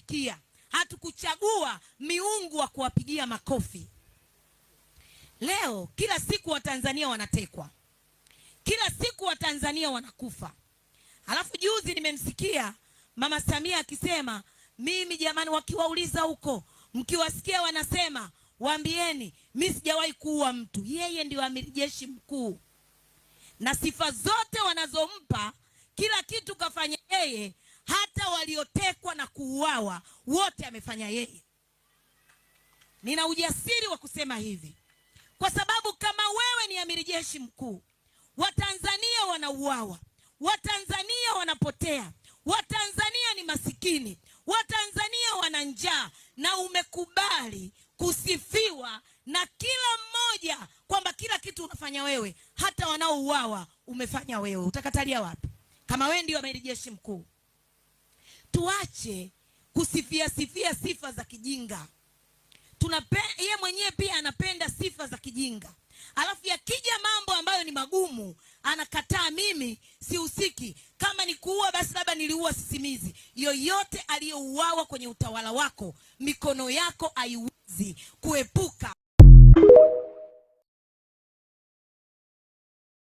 kuwatumikia. Hatukuchagua miungu wa kuwapigia makofi. Leo kila siku Watanzania wanatekwa, kila siku Watanzania wanakufa. Alafu juzi nimemsikia Mama Samia akisema, mimi jamani, wakiwauliza huko, mkiwasikia wanasema, waambieni mi sijawahi kuua mtu. Yeye ndio amiri jeshi mkuu, na sifa zote wanazompa, kila kitu kafanya yeye, hata waliotekwa na kuuawa, wote amefanya yeye. Nina ujasiri wa kusema hivi kwa sababu kama wewe ni amiri jeshi mkuu, Watanzania wanauawa, Watanzania wanapotea, Watanzania ni masikini, Watanzania wana njaa, na umekubali kusifiwa na kila mmoja kwamba kila kitu unafanya wewe, hata wanaouawa umefanya wewe, utakatalia wapi kama wewe ndio amiri jeshi mkuu? tuache kusifia sifia sifa za kijinga. Yeye ye mwenyewe pia anapenda sifa za kijinga, alafu yakija mambo ambayo ni magumu anakataa, mimi sihusiki. Kama ni kuua basi labda niliua sisimizi. Yoyote aliyouawa kwenye utawala wako, mikono yako haiwezi kuepuka